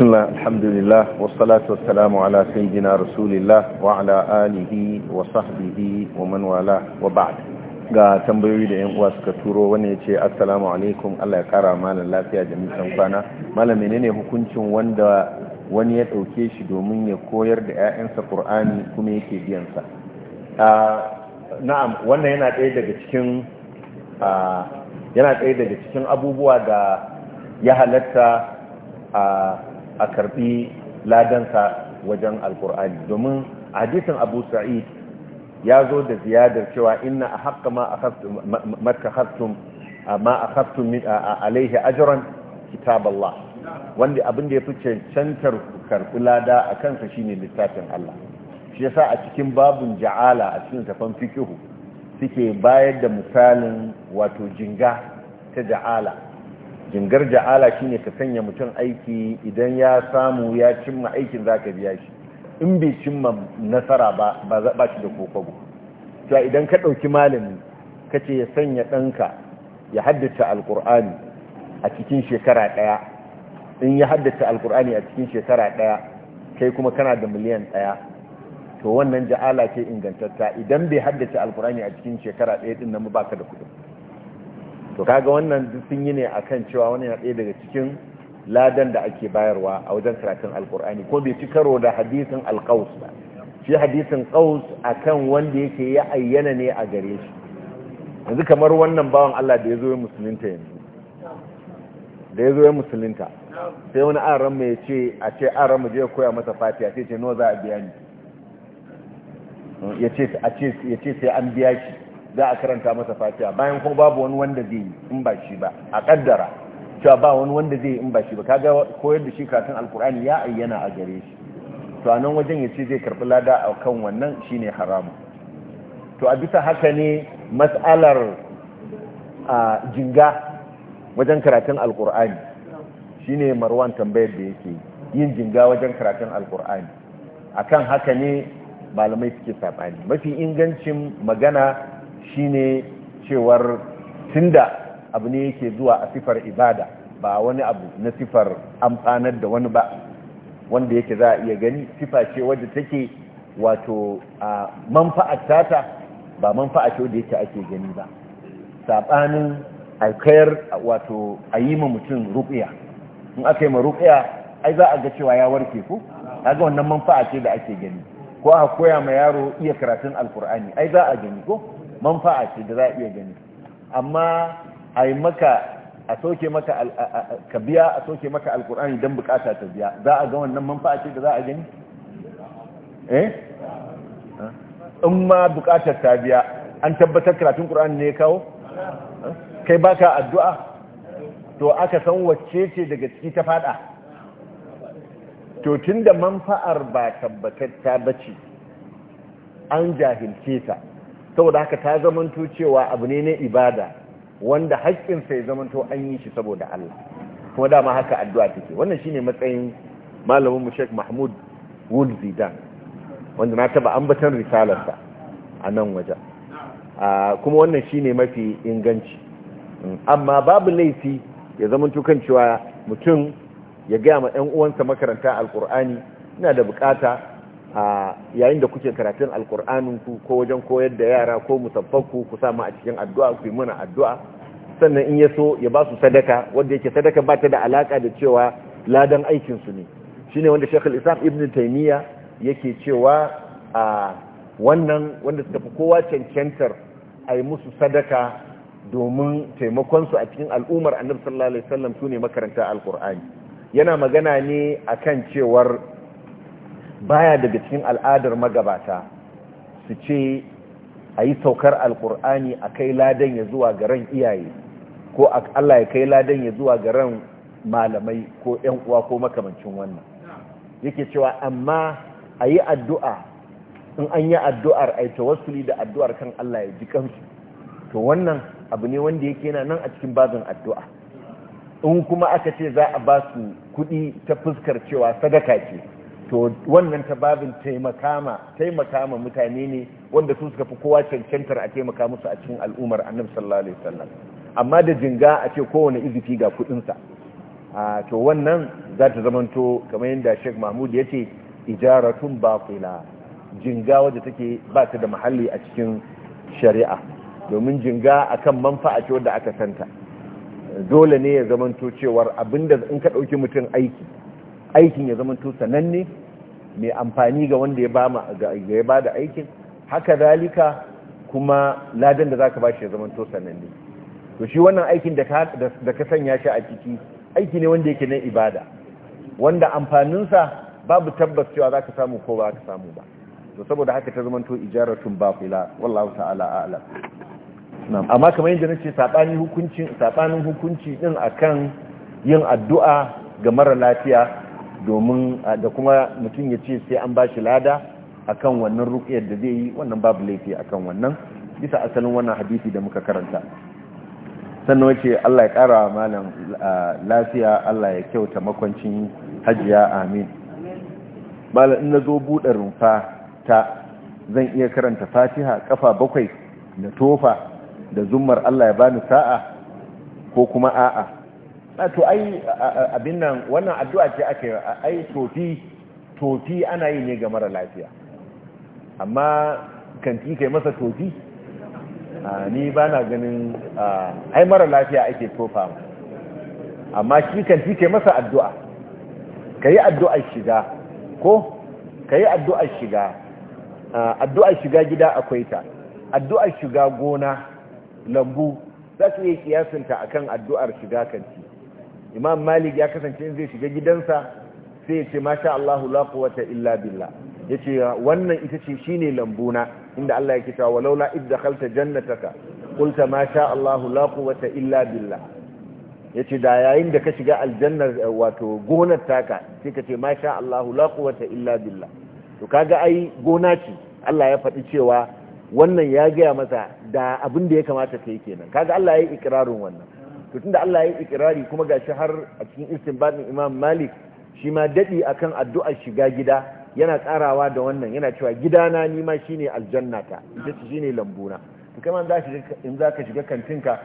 alhamdulillah الله الحمد ala sayyidina rasulillah على سيدنا alihi wa وعلى آله وصحبه ومن wa وبعد ga tambayoyi da yan uwa suka turo wani ya ce assalamu alaikum Allah ya kara malam lafiya da mutan kwana malam menene hukuncin wanda wani ya dauke shi domin ya koyar da ƴaƴansa Qur'ani kuma yake biyan sa na'am wannan yana ɗaya daga cikin yana ɗaya daga cikin abubuwa da ya halatta a a karbi ladansa wajen alkur'ani domin hadisin abu sa'id ya zo da ziyadar cewa inna a haƙa ma a haftun alaihi ajiran kitab Allah wanda abin da ya fi cancantar karbi lada a kansa shine littafin Allah shi yasa a cikin babun ja'ala a cikin tafan fikihu suke bayar da misalin wato jinga ta ja'ala jingar ja'ala shine ka sanya mutum aiki idan ya samu ya cimma aikin zaka biya shi in bai cimma nasara ba ba shi da kokobo to idan ka dauki malami kace ya sanya danka ya haddace alqur'ani a cikin shekara daya in ya haddace alqur'ani a cikin shekara daya kai kuma kana da miliyan daya to wannan ja'ala ce ingantatta idan bai haddace alqur'ani a cikin shekara daya din nan ba ka da kudi to kaga wannan sun yi ne akan cewa wani na ɗaya daga cikin ladan da ake bayarwa a wajen karatun alkur'ani ko bai ci karo da hadisin alkaus ba shi hadisin kaus akan wanda yake ya ayyana ne a gare shi yanzu kamar wannan bawan Allah da ya zo musulunta yanzu da ya zo ya musulunta sai wani aran mai ce a ce aran je koya masa fatiha sai ce no za a biya ni ya ce sai an biya shi za a karanta masa fatiha bayan kuma babu wani wanda zai yi in ba shi ba a kaddara cewa ba wani wanda zai yi in ba shi ba kaga koyar da shi karatun alkur'ani ya ayyana a gare shi to a nan wajen ya ce zai karɓi lada a kan wannan shine haramu to a bisa haka ne matsalar a jinga wajen karatun alkur'ani shine marwan tambayar da yake yin jinga wajen karatun alkur'ani akan haka ne malamai suke saɓani mafi ingancin magana shine cewar tunda abu ne yake zuwa a sifar ibada ba wani abu na sifar amfanar da wani ba wanda yake za a iya gani sifa ce wadda take wato a manfa'ar tata ba manfa'a ce wadda yake ake gani ba saɓanin alkayar wato a yi ma mutum ruƙiya in aka yi ma ruƙiya ai za a ga cewa ya warke ku ga wannan manfa'a ce da ake gani ko a koya ma yaro iya karatun alkur'ani ai za a gani ko manfa'a ce da za a iya gani amma a yi maka a soke maka ka biya a soke maka alkur'ani don bukata ta biya za a ga wannan manfa'a ce da za a gani eh in ma bukatar ta biya an tabbatar karatun kur'ani ne ya kawo kai baka addu'a to aka san wacce ce daga ciki ta fada to da manfa'ar ba tabbatar ta bace an jahilce ta saboda haka ta zamanto cewa abu ne na ibada wanda haƙƙin ya zamanto an yi shi saboda Allah kuma dama haka addu'a take wannan shine matsayin malamin mu Sheikh Mahmud Wul Zidan wanda na taba ambatan risalarsa a nan waje kuma wannan shine mafi inganci amma babu laifi ya zamanto kan cewa mutum ya ga ma ɗan uwansa makaranta alqur'ani ina da bukata a yayin da kuke karatun alkur'anin ku ko wajen koyar da yara ko musabbanku ku samu a cikin addu'a ku yi mana addu'a sannan in ya so ya ba su sadaka wanda yake sadaka ba ta da alaka da cewa ladan aikin su ne shine wanda Sheikh al-Islam Ibn Taymiyyah yake cewa a wannan wanda suka fi kowa cancantar a yi musu sadaka domin taimakon su a cikin al'ummar Annabi sallallahu alaihi wasallam ne makaranta alkur'ani yana magana ne akan cewar baya daga cikin al'adar magabata su ce a yi saukar alkur'ani a kai ladan ya zuwa ga ran iyaye ko Allah ya kai ladan ya zuwa ga ran malamai ko ‘yan uwa ko makamancin wannan yake cewa amma a yi addu'a in an yi addu'ar a yi tawassuli da addu'ar kan Allah ya ji kansu to wannan abu ne wanda yake yana nan a cikin bazin addu'a in kuma aka ce za a ba su kuɗi ta fuskar cewa sadaka ce to wannan ta babin taimakama mutane ne wanda su suka fi kowa cancantar a taimaka musu a cikin al'ummar annab sallallahu alaihi wasallam amma da jinga a ce kowane izifi ga kudinsa to wannan za ta zamanto kamar yadda Sheikh Mahmud ya ce ijaratun batila jinga wadda take ba ta da mahalli a cikin shari'a domin jinga akan manfa'a ce wadda aka santa dole ne ya zamanto cewar abinda in ka dauki mutum aiki aikin ya zamanto sananne mai amfani ga wanda ya ba da aikin haka zalika kuma ladan da za ka ba shi ya to sananne to shi wannan aikin da ka sanya shi a ciki aiki ne wanda yake na ibada wanda amfaninsa babu tabbas cewa za ka samu ko ba ka samu ba to saboda haka ta zamanto ijaratun bafila wallahu ta'ala a'lam amma kamar yadda nace ce sabanin hukunci din akan yin addu'a ga mara lafiya domin da kuma mutum ya ce sai an ba shi lada a kan wannan rukiyar da zai yi wannan babu laifi a kan wannan bisa asalin wannan hadisi da muka karanta sannan wace Allah ya kara malam lafiya Allah ya kyauta makwancin hajiya amin malam na zo buɗe rumfa ta zan iya karanta fatiha kafa bakwai da tofa da zummar Allah ya bani sa'a ko kuma a'a to ai abin nan wannan addu'a ce ake ai tofi tofi ana yi ne ga mara lafiya amma kanti kai masa tofi ni ba na ganin ai mara lafiya ake tofa amma shi kanti kai masa addu'a ka yi addu'ar shiga ko ka yi addu'ar shiga addu'ar shiga gida akwai ta addu'ar shiga gona lambu za su yi kiyasinta akan addu'ar shiga kanti imam malik ya kasance in zai shiga gidansa sai ya ce masha Allah la quwwata illa billah yace wannan ita ce shine lambuna inda Allah yake cewa walaula id dakhalta jannataka qulta masha Allah la quwwata illa billah yace da yayin da ka shiga aljannar wato gonar taka sai ka ce masha Allah la quwwata illa billah to kaga ai gona ce Allah ya faɗi cewa wannan ya gaya masa da abin da ya kamata ka yi kenan kaga Allah ya yi ikirarin wannan to tunda Allah ya yi ikirari kuma gashi har a cikin istinbadin Imam Malik shi ma dadi akan addu'ar shiga gida yana karawa da wannan yana cewa gidana ni ma shine aljannata ita ce shine lambuna to kai ma za ka in za ka shiga kantinka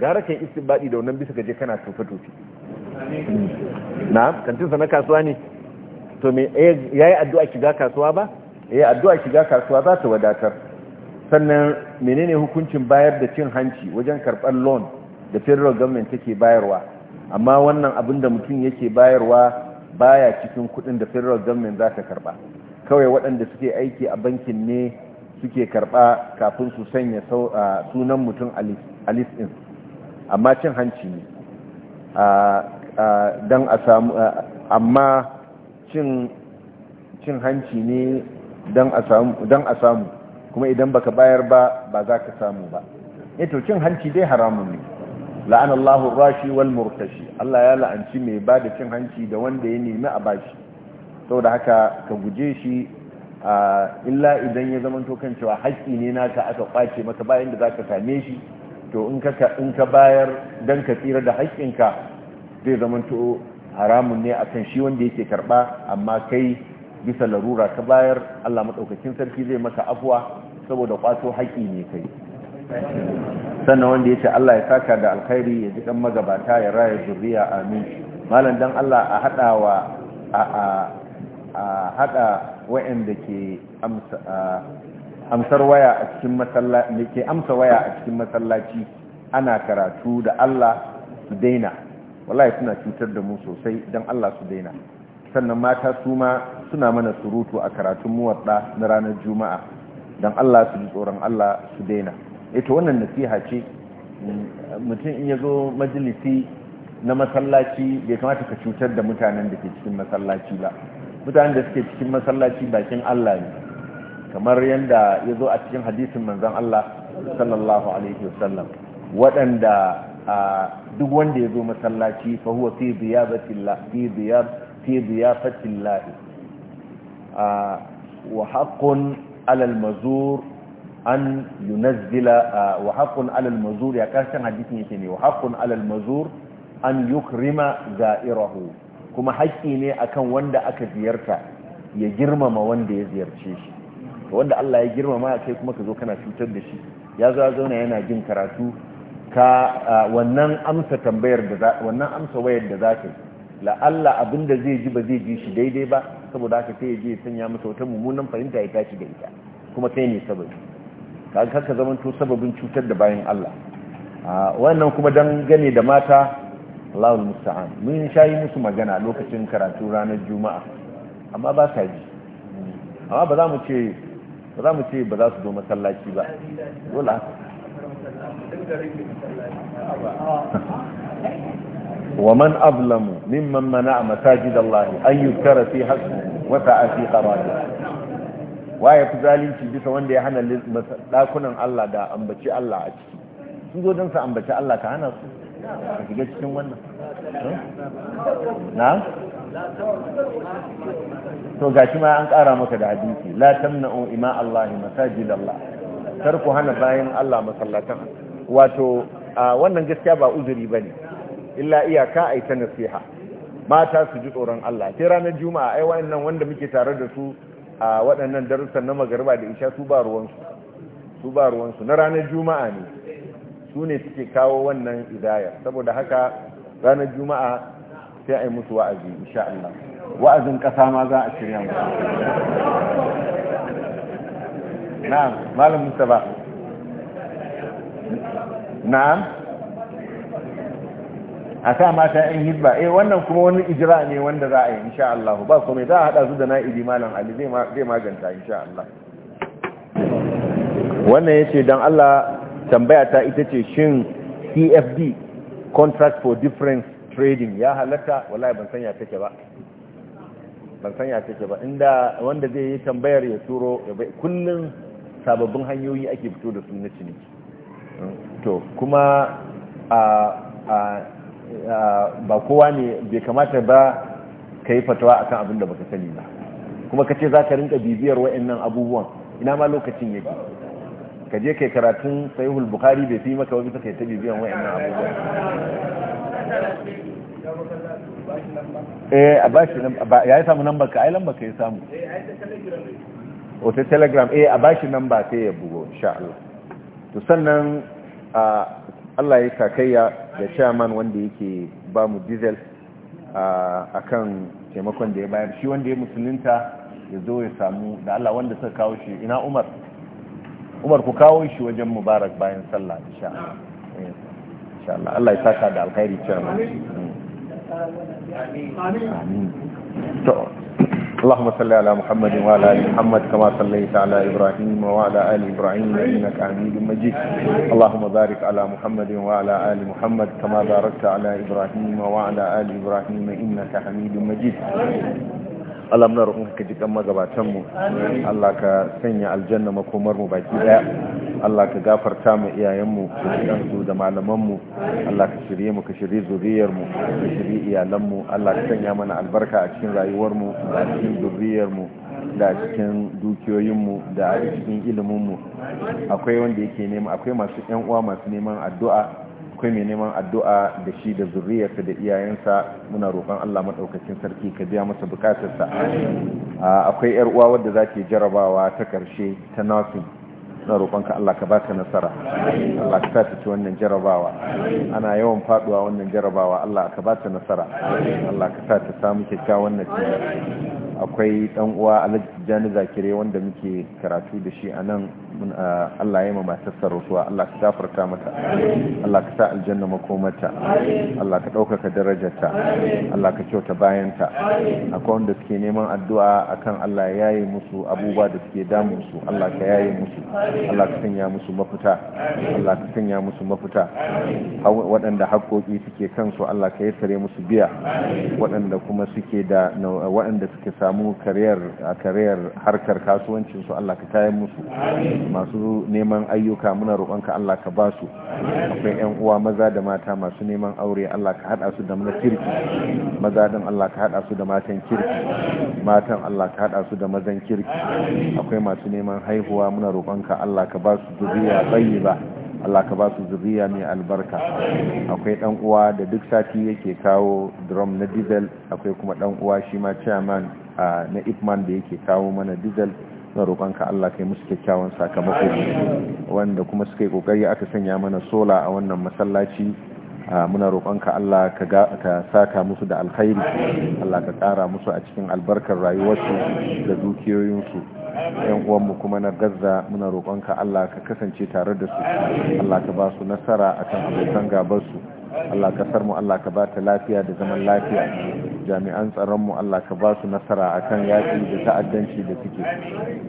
gara kai istinbadi da wannan bisa gaje kana tofa tofi na'am kantin sa na kasuwa ne to me eh, yayi addu'a shiga kasuwa ba yayi eh, addu'a shiga kasuwa za ta wadatar sannan menene hukuncin bayar da cin hanci wajen karɓar loan da federal government take bayarwa amma wannan abin da mutum yake bayarwa baya cikin kudin da federal government za ta karba kawai waɗanda suke aiki a bankin ne suke karba kafin su sanya sunan mutum a list amma cin hanci ne don a samu amma cin hanci ne don a samu kuma idan baka bayar ba ba za ka samu ba eh to cin hanci dai haramun ne la'ana Allahu rashi wal murtashi Allah ya la'anci mai ba da cin hanci da wanda ya nemi a bashi saboda haka ka guje shi illa idan ya zama kan cewa haƙƙi ne naka aka kwace maka bayan da zaka same shi to in ka in ka bayar dan ka tsira da haƙƙinka zai zama to haramun ne akan shi wanda yake karba amma kai bisa larura ka bayar Allah madaukakin sarki zai maka afwa saboda kwato haƙƙi ne kai sannan wanda ya ce Allah ya saka da alkhairi ya ji magabata ya raya zuriya amin malam dan Allah a hada wa a wa'anda ke amsa amsar waya a cikin masallaci ke amsa waya a cikin masallaci ana karatu da Allah su daina wallahi suna cutar da mu sosai dan Allah su daina sannan mata su ma suna mana surutu a karatun muwadda na ranar juma'a don Allah su ji tsoron Allah su daina ita eh, wannan nasiha ce mutum in ya zo majalisi na masallaci bai kamata ka cutar da mutanen da ke cikin masallaci ba mutanen da suke cikin masallaci bakin Allah ne kamar yadda ya zo a cikin hadisin manzan Allah sallallahu alaihi wasallam waɗanda duk wanda ya zo masallaci fa huwa fi ziyafatin a wa haƙƙun alal mazur an yunazzila uh, wa haqqun alal mazur ya kashi hadisin yake ne wa haqqun alal mazur an yukrima za'irahu kuma haƙƙi ne akan wanda aka ziyarta ya girmama wanda ya ziyarce shi wanda Allah ya girmama ya kai kuma ka zo kana cutar da shi ya zo zauna yana jin karatu ka uh, wannan amsa tambayar da wannan amsa wayar da zaka la Allah abinda zai ji ba zai ji shi daidai ba saboda haka sai ya je ya sanya masa wata mummunan fahimta ya tashi da ita kuma sai ne saboda ka zama to sababin cutar da bayan Allah ah, wannan kuma don gane da mata Allahul musta'an mun shayi musu magana lokacin karatu ranar juma'a amma ba sa ji amma ba za mu ce ba za mu ce ba za su zo masallaci ba dole haka ومن أظلم ممن منع مساجد الله أن يذكر في حسنه وسعى في قراته waye fi zalunci bisa wanda ya hana dakunan Allah da ambaci Allah a ciki sun zo don su ambaci Allah ka hana su ka shiga cikin wannan na to gashi ma an kara maka da hadisi la tamna'u ima Allah masajid Allah kar ku hana bayan Allah masallatan wato wannan gaskiya ba uzuri bane illa iyaka ai ta nasiha mata su ji tsoron Allah sai ranar juma'a ai wa'annan wanda muke tare da su a waɗannan darussan na magarba da isha su ba ruwansu su ba ruwansu na ranar juma'a ne su ne suke kawo wannan idaya saboda haka ranar juma'a sai a yi musu wa'azi insha Allah wa'azin ƙasa ma za a shirya musu na'am malam Mustapha na'am a sa mata yan hizba eh wannan kuma wani ijira ne wanda za a yi insha Allah ba me za a hada su da na'ibi malam Ali zai maganta insha Allah wannan yace dan Allah tambaya ta ita ce shin CFD e contract for difference trading ya halatta wallahi ban sanya take ba ban sanya take ba inda wanda zai yi tambayar ya turo kullun sababbin hanyoyi ake fito da su na to kuma a ba kowa ne bai kamata ba ka yi fatawa akan abin da baka sani ba kuma ka ce za ka rinka bibiyar wa'annan abubuwan ina ma lokacin yake ka je kai karatun sahihul bukhari bai fi maka wani take ta bibiyar wa'annan abubuwan eh a bashi ba ya samu number ka ai number ka ya samu oh, ta telegram eh a bashi number sai ya bugo insha Allah to sannan Allah ya sakayya da chairman wanda yake ba mu diesel a kan taimakon da ya bayar shi wanda ya musulunta ya zo ya samu da Allah wanda suka kawo shi ina umar umar ku kawo shi wajen mubarak bayan sallah insha Allah eh, Allah ya saka da alkhairi chairman amin hmm. to اللهم صل على محمد وعلى ال محمد كما صليت على ابراهيم وعلى ال ابراهيم انك حميد مجيد اللهم بارك على محمد وعلى ال محمد كما باركت على ابراهيم وعلى ال ابراهيم انك حميد مجيد Allah muna roƙon ka ji kan magabatan mu Allah ka sanya aljanna makomar mu baki daya Allah ka gafarta mu iyayenmu ka shirya da malamanmu Allah ka shirye mu ka shirye zuriyarmu ka shirye iyalanmu Allah ka sanya mana albarka a cikin rayuwarmu da cikin zuriyarmu da cikin dukiyoyinmu da cikin iliminmu akwai wanda yake nema akwai masu yan uwa masu neman addu'a akwai mai neman addu'a da shi da zuriyarsa da iyayensa muna roƙon Allah maɗaukacin sarki ka biya masa bukatarsa akwai yar uwa wadda za ta jarabawa ta ƙarshe ta nursing na roƙonka Allah ka bata nasara Allah ka sa ci wannan jarabawa ana yawan faduwa wannan jarabawa Allah ka bata nasara Allah ka sa ta samu kyakkyawan nasara akwai dan uwa Alhaji jani zakire wanda muke karatu da shi a nan Allah ya yi mamata sarrafuwa Allah ka gafarta mata Allah ka sa aljanna makomata Allah ka ɗaukaka darajarta Allah ka kyauta bayanta akwai wanda suke neman addu'a akan Allah ya yi musu abubuwa da suke damun su Allah ka yi musu Allah ka sanya musu mafita Allah ka sanya musu mafita waɗanda haƙoƙi suke kansu Allah ka yassare musu biya waɗanda kuma suke da waɗanda suke samu kariyar tafiyar harkar kasuwancin su Allah ka kayan musu masu neman ayyuka muna roƙonka Allah ka ba su akwai yan uwa maza da mata masu neman aure Allah ka hada su da na kirki maza din Allah ka hada su da matan kirki matan Allah ka hada su da mazan kirki akwai masu neman haihuwa muna roƙonka Allah ka ba su zuriya tayyiba Allah ka ba su zuriya mai albarka akwai dan uwa da duk sati yake kawo drum na diesel akwai kuma dan uwa shi ma chairman na ipman da yake kawo mana diesel na roƙonka Allah kai musu kyakkyawan sakamako wanda kuma suka yi kokari aka sanya mana sola a wannan masallaci muna roƙonka Allah ka saka musu da alkhairi Allah ka ƙara musu a cikin albarkar rayuwarsu da dukiyoyinsu yan uwanmu kuma na gaza muna roƙonka Allah ka kasance tare da su Allah ka ba su nasara akan abokan gabarsu Allah ka sarmu Allah ka ba ta lafiya da zaman lafiya jami'an tsaronmu Allah ka ba su nasara akan yaƙi da ta'addanci da suke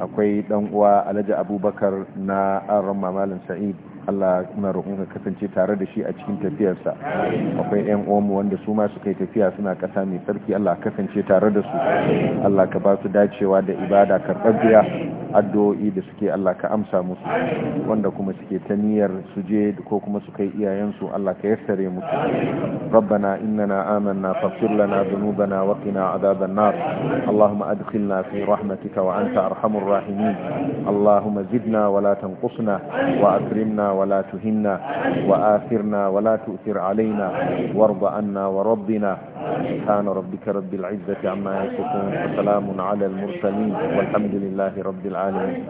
akwai ɗan uwa Alhaji Abubakar na Aron Mamalin Sa'id Allah muna roƙon ka kasance tare da shi a cikin tafiyarsa akwai ƴan uwanmu wanda su ma suka yi tafiya suna ƙasa mai tsarki Allah kasance tare da su Allah ka ba su dacewa da ibada karɓaɓɓiya addu'o'i da suke Allah ka amsa musu wanda kuma suke ta niyyar su je ko kuma su kai iyayensu Allah ka yassare musu rabbana innana amanna faghfir lana dhunubana wa qina adhaban nar allahumma adkhilna fi rahmatika wa anta arhamur rahimin allahumma zidna wa la wa ولا تهنا وآثرنا ولا تؤثر علينا وارض عنا وربنا سبحان ربك رب العزة عما يصفون وسلام على المرسلين والحمد لله رب العالمين